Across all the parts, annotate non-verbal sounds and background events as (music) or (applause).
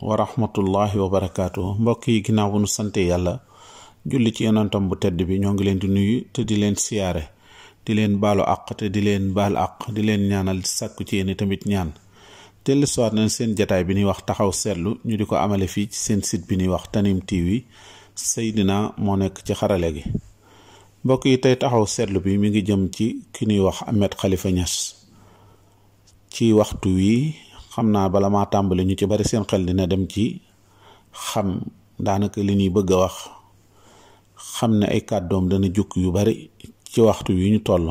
wa rahmatullahi wa mbokk yi ginaaw bu nu sante yàlla julli ci yonentam bu tedd bi ñoo ngi leen di nuyu te di leen siyaare di leen baalu àq te di leen baal àq di leen ñaanal sàkku ci yéen tamit ñaan dellu siwaat nañ seen jataay bi ñuy wax taxaw seetlu ñu di ko amale fii ci seen site bi ñuy wax Tanime TV Seydina moo nekk ci xarale gi mbokk yi tey taxaw seetlu bi mi ngi jëm ci ki ñuy wax Ahmed xalifa Niass ci waxtu wi xam naa bala maa tàmbali ñu ci bari seen xel dina dem ci xam daanaka li ñuy bëgg a wax xam ne ay kàddoom dana jukk yu bari ci waxtu wi ñu toll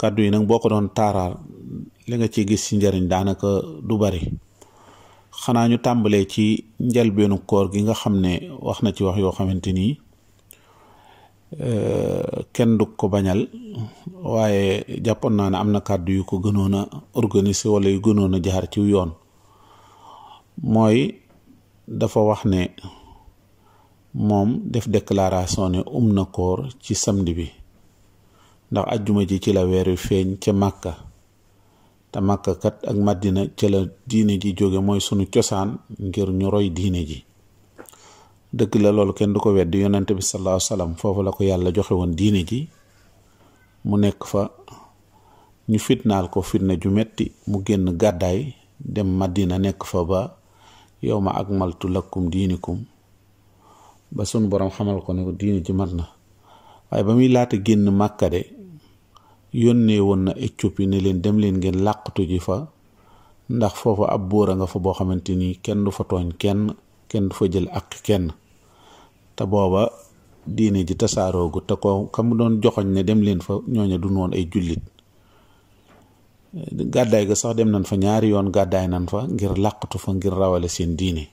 kàddu yi nag boo ko doon taaraar li nga ci gis ci njariñ daanaka du bari xanaa ñu tàmbalee ci njalbeenu koor gi nga xam ne wax na ci wax yoo xamante nii kenn du ko bañal waaye jàppoon naa ne am na kàddu yu ko gënoon a organiser wala yu gënoon a jaar ci yoon mooy dafa wax ne moom def déclaration ne um na koor ci samedi bi ndax ajjuma ji ci la weer wi feeñ ca màkka te màkka ak màddina ca la diine ji jóge mooy sunu cosaan ngir ñu roy diine ji dëgg la loolu kenn du ko weddi yonent bi sallallahu alayhi wa foofu la ko yàlla joxe woon diine ji mu nekk fa ñu fitnaal ko fitna ju metti mu génn gàddaay dem màddina nekk fa ba yow ma ak akmaltu lakum diinikum ba sun borom xamal ko ne ko diine ji mat na waaye ba muy laata génn màkka de yónnee woon na Éthiopie ne leen dem leen ngeen làqatu ji fa ndax foofu ab bóora nga fa boo xamante ni kenn du fa tooñ kenn kenn du fa jël ak kenn te booba diine ji tasaaroogu te ko ka mu doon joxoñ ne dem leen fa ñooña du noon ay jullit gàddaay ga sax dem nañ fa ñaari yoon gàddaay nañ fa ngir làqatu fa ngir rawale seen diine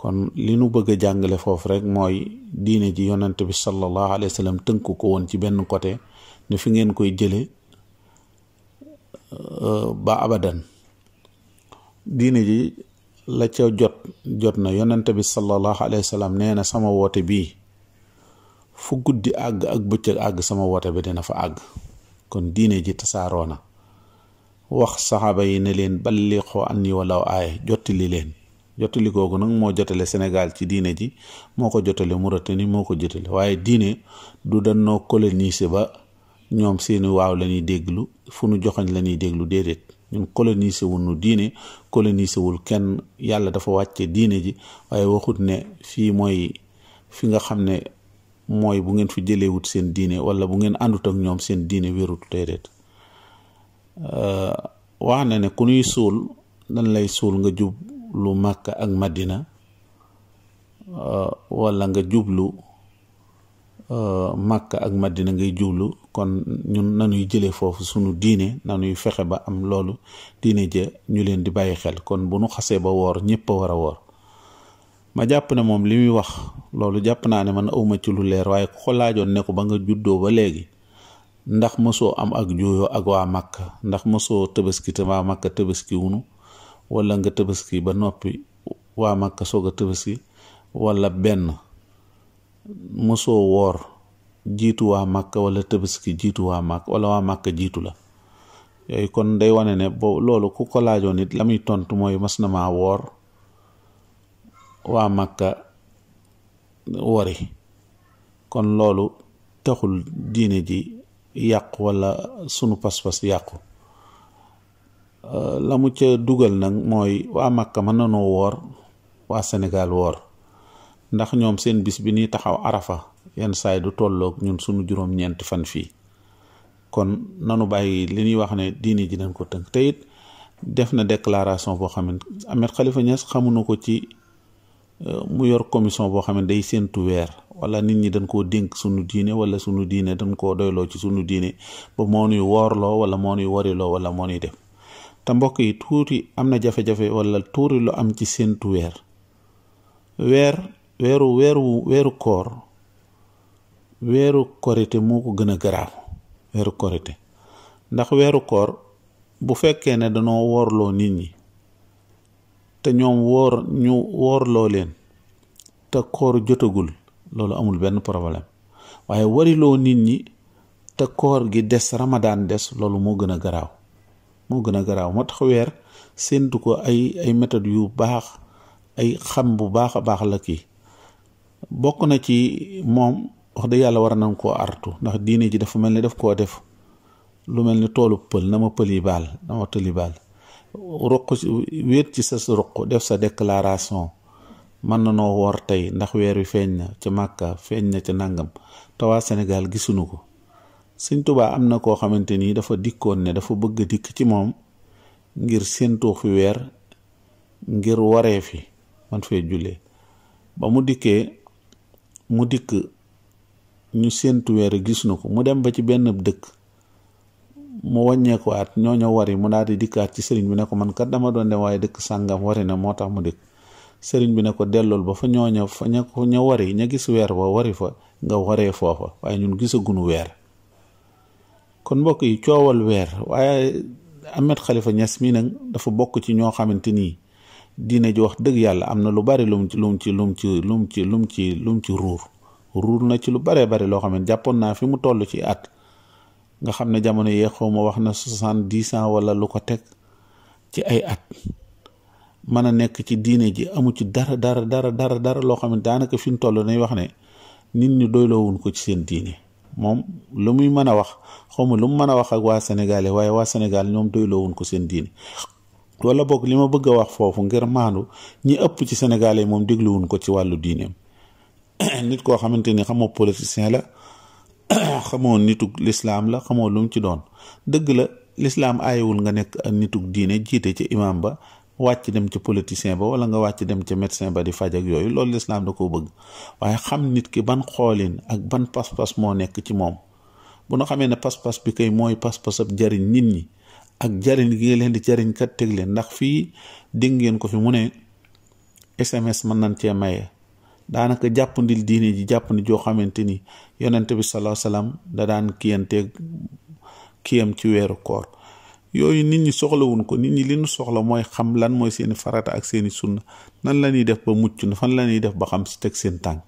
kon li nu bëgg a jàngale foofu rek mooy diine ji yonante bi sallallahu alayhi wa tënk ko woon ci benn côté ne fi ngeen koy jële euh, ba abadan diine ji la ca jot jot na yonent bi sallallahu alayhi wa sallam nee na sama woote bii fu guddi àgg ak bëccëg àgg sama woote bi dina fa àgg kon diine ji tasaaroo na wax saxaaba yi ne leen balliqoo an yi walaw aaya jottali leen jottali googu nag moo jotale senegal ci diine ji moo ko jotale Mauritanie moo ko jotale waaye diine du noo coloniser ba ñoom seeni waaw lañuy ñuy déglu fu nu joxoñ la ñuy déglu déedéet ñun colonisé wu nu diine colonisé wul kenn yàlla dafa wàcce diine ji waaye waxut ne fii mooy fi nga xam ne mooy bu ngeen fi jëleewut seen diine wala bu ngeen àndut ak ñoom seen diine wérut déedéet euh, wax na ne ku ñuy suul dañ lay suul nga jub lu Màkka ak màddina euh, wala nga jublu euh, màkk ak màddina ngay jublu kon ñun nanuy jëlee foofu sunu diine nanuy fexe ba am loolu diine ja ñu leen di bàyyi xel kon bu nu xasee ba woor ñépp a war a woor ma jàpp ne moom li muy wax loolu jàpp naa ne man awma ci lu leer waaye ku ko laajoon ne ko ba nga juddoo ba léegi ndax mësoo am ak jooyoo ak waa Makka ndax mësoo tëbaski te waa Makka tëbaski wunu walla nga tëbaski ba noppi waa Makka soog a tëbaski walla benn mësoo woor jiitu waa màkk wala tabaski jiitu waa màkk wala waa màkk jiitu la yooyu kon day wane ne boobu loolu ku ko laajoon la muy tontu mooy mas na maa woor waa màkka wori kon loolu texul diine ji yàqu walla sunu pas-pas yàqu euh, la mu ca dugal nag mooy waa màkka mën nanoo woor waa senegal woor ndax ñoom seen bis bi ñuy taxaw arafa yenn saay du tollook ñun suñu juróom-ñeenti fan fii kon nanu bàyyi li ñuy wax ne diini ji dañ ko tënk te it def na déclaration boo xam ne Ahmed Khalifa Niass xamuñu ko ci euh, mu yor commission boo xam ne day séentu weer wala nit ñi dañ koo dénk sunu diine wala sunu diine dañ koo doyloo ci sunu diine ba moo woorloo wala moo nuy wariloo wala moo nuy def te mbokk yi tuuti am na jafe wala tuuri lu am ci séentu weer weer weeru weeru weeru koor weeru korite moo ko gën a garaaw weeru korite ndax weeru koor bu fekkee ne danoo woorloo nit ñi te ñoom woor ñu woorloo leen te koor jotagul loolu amul benn problème waaye wariloo nit ñi te koor gi des ramadaan des loolu moo gën a garaaw moo gën a garaaw moo tax weer séentu ko ay ay méthode yu baax ay xam bu baax a baax la kii bokk na ci moom wax dëgg yàlla war a nañ koo artu ndax diine ji dafa mel ni def koo def lu mel ni toolu pël na ma pël baal na ma tëli baal ruq wéet ci sa ruq def sa déclaration mën na noo woor tey ndax weer wi feeñ na ca màkka feeñ na ca nàngam te waa Sénégal gisuñu ko Sëñ Tuubaa am na koo xamante nii dafa dikkoon ne dafa bëgg dikk ci moom ngir séentu fi weer ngir waree fi man fee jullee ba mu dikkee mu dikk ñu séentu weer gis na ko mu dem ba ci benn dëkk mu at ñoo ñoo wari mu daal di dikkaat ci sëriñ bi ne ko man kat dama doon dem waaye dëkk sàngam wari na moo tax mu dikk sëriñ bi ne ko dellool ba fa ñoo fa ña ña wari ña gis weer ba wari fa nga waree foofa waaye ñun gisagunu weer kon mbokk yi coowal weer waaye Ahmed Khalifa Niass mii nag dafa bokk ci ñoo xamante nii diine ji wax dëgg yàlla am na lu bari lum ci lum ci lum ci lum ci lum ci lum ci ruur ruur na ci lu baree bari loo xam ne jàppoon naa fi mu toll ci at nga xam ne jamono yee xaw ma wax na soixante dix ans wala lu ko teg ci ay at mën a nekk ci diine ji amu ci dara dara dara dara dara loo xam ne daanaka fi mu toll nañ wax ne nit ñu doyloowuñ ko ci seen diine moom lu muy mën a wax xaw ma lu mu mën a wax ak waa Sénégalais waaye waa Sénégal ñoom doyloowuñ ko seen diine wala boog li ma bëgg a wax foofu ngir maandu ñi ëpp ci Sénégalais moom dégluwuñ ko ci wàllu diineem. (clears throat) nit koo xamante ni xamoo politicien la (clears throat) xamoo nituk lislaam la xamoo lu mu ci doon dëgg la lislaam aayewul nga nekk nituk diine jiite ci imaam ba wàcc dem ci politicien ba wala nga wàcc dem ca médecin ba di faj yooyu loolu lislaam da koo bëgg waaye xam nit ki ban xoolin ak ban pas-pas moo nekk ci moom bu ñu xamee ne pas-pas bi kay mooy pas-pas ab jariñ nit ñi ak jariñ gi nga leen di jariñ kat teg leen ndax fii dégg ngeen ko fi mu ne SMS mën nañ cee maye daanaka jàppandil diine ji jàppandi joo xamante ni yonent bi sallallahu alayhi wasallam da daan kiyanteeg kiyam ci weeru koor yooyu nit ñi soxlawuñ ko nit ñi li ñu soxla mooy xam lan mooy seeni farata ak seeni sunna nan la ñuy def ba mucc na fan la def ba xam si teg seen tànk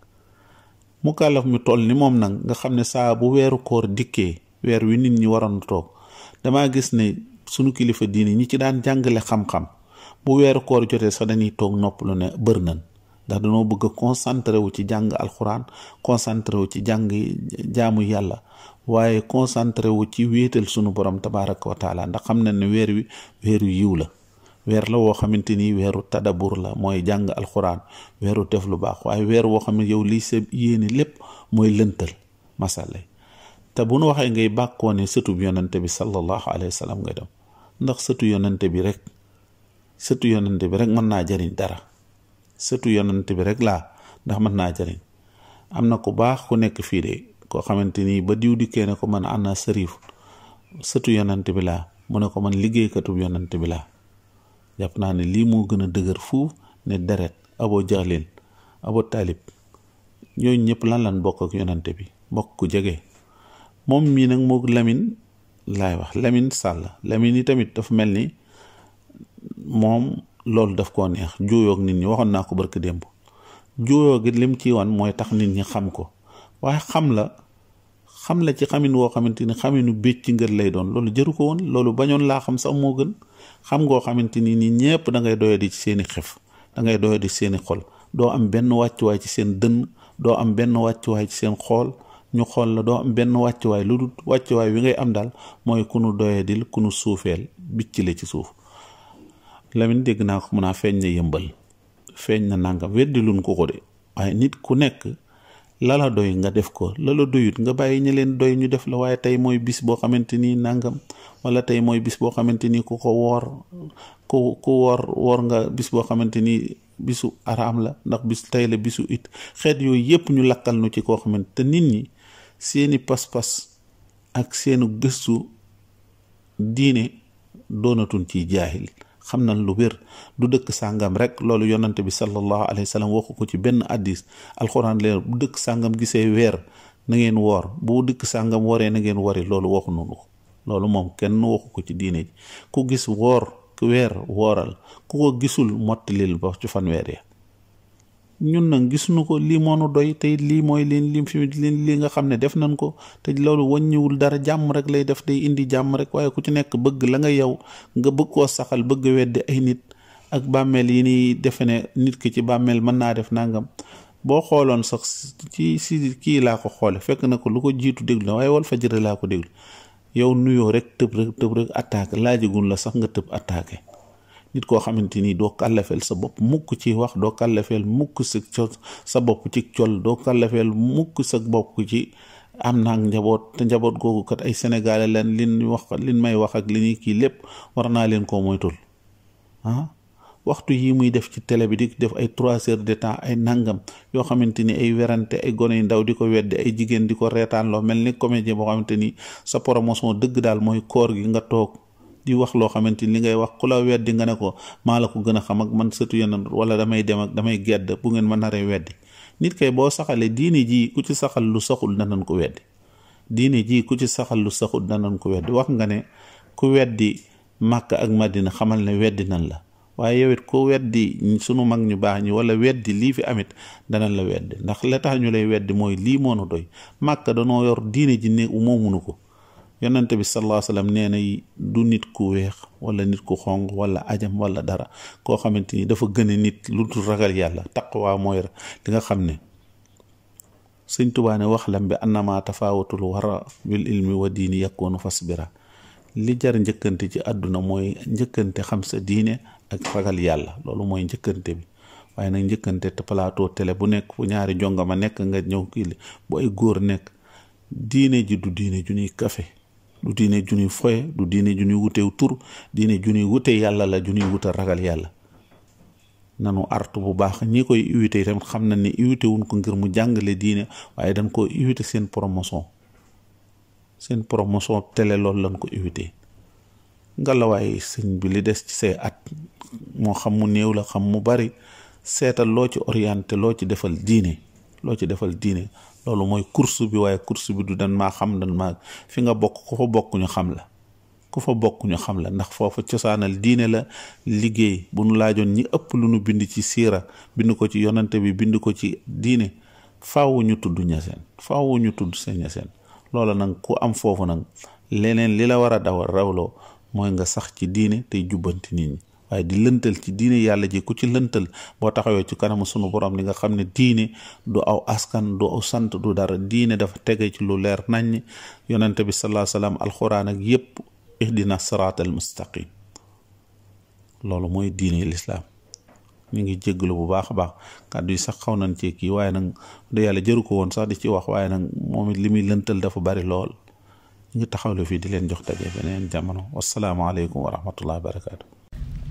mu kàllaf mi toll ni moom nag nga xam ne saa bu weeru koor dikkee weer wi nit ñi waroon toog damaa gis ne sunu kilifa diine ñi ci daan jàngale xam-xam bu weeru koor jotee sax dañuy toog nopp lu ne bër nañ ndax dañoo bëgg a concentré wu ci jàng alxuraan concentré wu ci jàng jaamu yàlla waaye concentré wu ci wéetal sunu borom tabaraka wa taala ndax xam na ne weer wi weeru yiw la weer la woo xamante ni weeru tadabur la mooy jàng alxuraan weeru def lu baax waaye weer woo xam ne yow lii se yéene lépp mooy lëntal masala te bu nu waxee ngay bàkkoo ne sëtub yonante bi sallallahu alayhi wa sallam ngay dem ndax sëtu yonante bi rek sëtu yonante bi rek mën naa jëriñ dara sëtu yonant bi rek laa ndax mën naa jëriñ am na ku baax ku nekk fii de koo xamante ni ba diw dikkee ne ko man ana sërif sëtu yonent bi laa mu ne ko man liggéeykatu yonent bi laa jàpp naa ne lii moo gën a dëgër fuuf ne deret aboo jaxlin abo taalib yooyu ñëpp lan lan bokk ak yonent bi bokk ku jege moom mii nag moog lamin laay wax Lamine sàll Lamine yi tamit dafa mel ni moom loolu daf koo neex juuyoog nit ñi waxoon naa ko barki démb juuyoo gi lim ci wan mooy tax nit ñi xam ko waaye xam la xam la ci xamin woo xamante ni xaminu bécc ci ngër lay doon loolu jëru ko woon loolu bañoon laa xam sax moo gën xam ngoo xamante ni nii ñépp dangay ngay doyadi ci seeni xef dangay ngay doyadi ci seeni xol doo am benn wàccuwaay ci seen dënn doo am benn wàccuwaay ci seen xool ñu xool la doo am benn wàccuwaay lu dul wàccuwaay wi ngay am daal mooy ku nu doyadil ku nu suufeel bicc la ci suuf Lamine dégg naa ko mun naa feeñ na yëmbal feeñ na nangam weddi luñ ko ko de waaye nit ku nekk lala doy nga def ko lala doyut nga bàyyi ñu leen doy ñu def la waaye tey mooy bis boo xamante ni nangam wala tey mooy bis boo xamante ni ku ko woor ku ku woor nga bis boo xamante ni bisu araam la ndax bis tey la bisu it xeet yooyu yépp ñu lakkal nu ci koo xamante te nit ñi seeni pas-pas ak seenu gëstu diine doonatuñ ci jaahil xam nañ lu wér du dëkk sàngam rek loolu yonante bi sallallahu alayhi wa sallam waxu ko ci benn addis alxuraan leer bu dëkk sàngam gisee weer na ngeen woor boo dëkk sàngam woree na ngeen wari loolu waxu nunu ko loolu moom kenn waxu ko ci diine ji ku gis woor weer wooral ku ko gisul mottilil ba ci fanweer ya ñun nag gis nu ko lii moo nu doy tey lii mooy leen lim fi leen lii nga xam ne def nañ ko te loolu wàññiwul dara jàmm rek lay def day indi jàmm rek waaye ku ci nekk bëgg la nga yow nga bëgg koo saxal bëgg weddi ay nit ak bàmmeel yi ni defe ne nit ki ci bàmmeel mën naa def nangam boo xooloon sax ci si kii laa ko xoole fekk na ko lu ko jiitu déglu na waaye Walfadjri laa ko déglu yow nuyoo rek tëb rek tëb rek attaque laajagun la sax nga tëb attaqué nit koo xamante ni doo kàllafeel sa bopp mukk ci wax doo kàllafeel mukk sa sa bopp ci col doo mukk sa bopp ci am naa njaboot te njaboot googu kat ay sénégalais leen nu wax liñ may wax ak li ñuy kii lépp war naa leen koo moytul ah waxtu yi muy def ci télé bi di def ay trois heures de temps ay nangam yoo xamante ni ay werante ay gone yu ndaw di ko weddi ay jigéen di ko loo mel ni comédien boo xamante ni sa promotion dëgg daal mooy koor gi nga toog li wax loo xamante ni li ngay wax ku la weddi nga ne ko maa la ko gën a xam ak man sëtu na wala damay dem ak damay gedd bu ngeen ma naree weddi nit kay boo saxalee diine ji ku ci saxal lu saxul danañ ko weddi diine jii ku ci saxal lu saxul danañ ko weddi wax nga ne ku weddi màkk ak màddina xamal ne weddi nan la waaye yow it ku weddi sunu mag ñu baax ñi wala weddi lii fi amit danañ la weddi ndax la tax ñu lay weddi mooy lii moo na doy màkk danoo yor diine ji ne munu ko yonent bi sallallahu alayhi wa nee na du nit ku weex wala nit ku xonq wala ajam wala dara koo xamante ni dafa gën nit lu dul ragal yàlla taqwa mooy li nga xam ne sëñ Tuubaa wax lam bi annama tafaawatul wara bil ilmi wa diini yakkoonu fasbira li jar njëkkante ci àdduna mooy njëkkante xam sa diine ak ragal yàlla loolu mooy njëkkante bi waaye nag njëkkante palaato plateau bu nekk fu ñaari jongama nekk nga ñëw kii bu ay góor nekk diine ji du ju ñuy kafe du diine junuy foye du diine junuy wutew tur diine junuy wute yàlla la junuy wuta ragal yàlla nanu artu bu baax ñi koy iwite tamit xam na ni iwite wuñ ko ngir mu jàngale diine waaye dañ koo iwite seen promotion seen promotion tele loolu lañ ko iwite ngalawaay sëñ bi li des ci say at moo xam mu néew la xam mu bari seetal loo ci orienté loo ci defal diine loo ci defal diine loolu mooy course bi waaye course bi du dan maa xam dan fi nga bokk ku fa bokk ñu xam la ku fa bokkuñu xam la ndax foofa cosaanal diine la liggéey bu nu laajoon ñi ëpp lu nu bind ci siira bind ko ci yonante bi bind ko ci diine faaw ñu tudd ñaseen faaw ñu tudd sa ñaseen loolu nag ku am foofu nag leneen li la war a daw rawloo mooy nga sax ci diine tey jubbanti nit ñi waaye di lëntal ci diine yàlla ji ku ci lëntal boo taxawee ci kanamu sunu borom li nga xam ne diine du aw askan du aw sant du dara diine dafa tege ci lu leer naññ yonente bi salaa salaam alxuraan ak yépp ihdina siraat al mustaqim loolu mooy diine lislaam ñu ngi jégalu bu baax a baax kàddu yi sax xaw nañ cee kii waaye nag de yàlla jëru ko woon sax di ci wax waaye nag moom it li muy lëntal dafa bari lool ñu ngi taxawlu fii di leen jox daje beneen jamono wasalaamaaleykum wa rahmatullahi wa barakaatu.